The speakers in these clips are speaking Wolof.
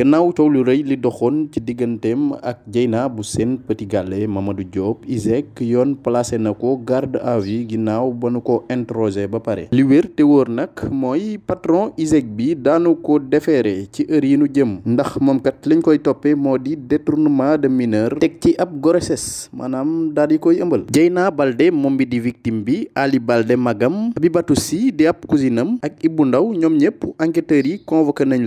gannaaw coow lu rëy li doxoon ci digganteem ak Dieyna bu Sen Petit Gallé Mamadou Diop ISEG yoon placé na ko garde à vue ginnaaw ba nu ko interrogé ba pare. li wér te wóor nag mooy patron ISEG bi daanu ko defeere ci heure yi nu jëm ndax moom kat lañ koy toppee moo di détournement de mineur teg ci ab grossesse maanaam daal di koy ëmbal. Dieyna balde moom bi di victime bi Ali Baldé magam Abibatou Sy di ab cousinam ak Ibou Ndaw ñoom ñëpp enquêteurs yi convoqué nañ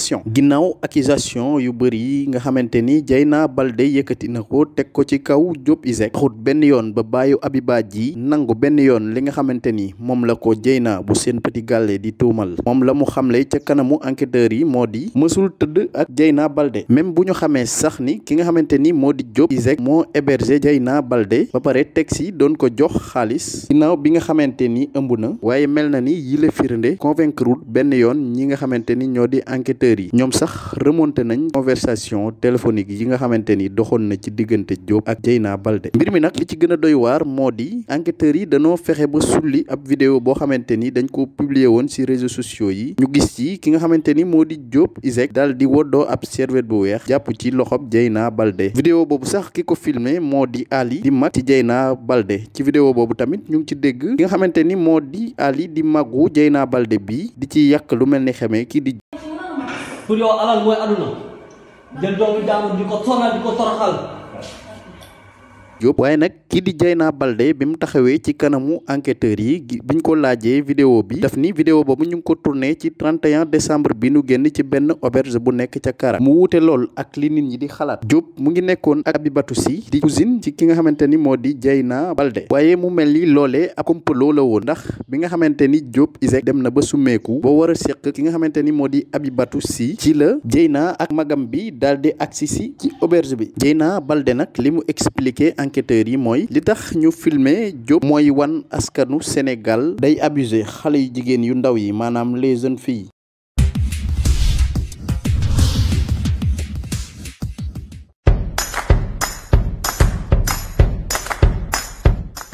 question ginnaaw accusation yu bëri yi nga xamante ni Dieyna balde yëkkati na ko teg ko ci kaw Diop ISEG xut benn yoon ba baayu Abiba ji nangu benn yoon li nga xamante ni moom la ko Dieyna bu seen Petit Gallé di tuumal moom la mu xamle ca kanamu enquêteurs yi moo di mësul tëdd ak Dieyna balde même bu ñu xamee sax ni ki nga xamante ni moo di Diop ISEG moo hébergé Dieyna balde ba pare teg si doon ko jox xaalis ginnaaw bi nga xamante ni ëmb na waaye mel na ni yile enquêteurs yi ñoom sax remonté nañ conversation téléphonique yi nga xamante ni doxoon na ci diggante Diop ak na Baldé mbir mi nag li ci gën a doy waar moo di enquêteurs yi dañoo fexe ba sulli ab vidéo boo xamante ni dañ ko publier woon ci réseaux sociaux yi ñu ci ki nga xamante ni moo di Diop Iseg daal di woddoo ab serviette bu weex jàpp ci loxob Dieyna Baldé vidéo boobu sax ki ko filmé moo di Ali di mag ci Dieyna balde ci vidéo boobu tamit ñu ngi ci dégg ki nga xamante ni moo di Ali di magu Dieyna balde bi di ci yàq lu mel ni xeme kii di pour yow alal mooy aduna jël doomu jaamur di ko di ko toroxal Diop waaye nag kii di Dieyna balde bi mu taxawee ci kanamu enquêteurs yi biñ ko laajee vidéo bi daf ni vidéo boobu ñu ngi ko tourné ci 31 décembre bi nu génn ci benn auberge bu nekk ca Kara mu wuute lool ak li nit ñi di xalaat Diop mu ngi nekkoon ak Abibatou Sy di cousine ci ki nga xamante ni moo di Dieyna balde waaye mu mel ni loolee ab complot la woon ndax bi nga xamante ni Diop Iseg dem na ba summeeku boo war a seq ki nga xamante ni moo di Abibatou si ci la Dieyna ak magam bi daal di agsi si ci auberge bi Dieyna Baldé nag li mu expliqué enquêteurs yi mooy li tax ñu filmer Diop mooy wan askanu Sénégal day abuser xale yu jigéen yu ndaw yi maanaam les jeunes fii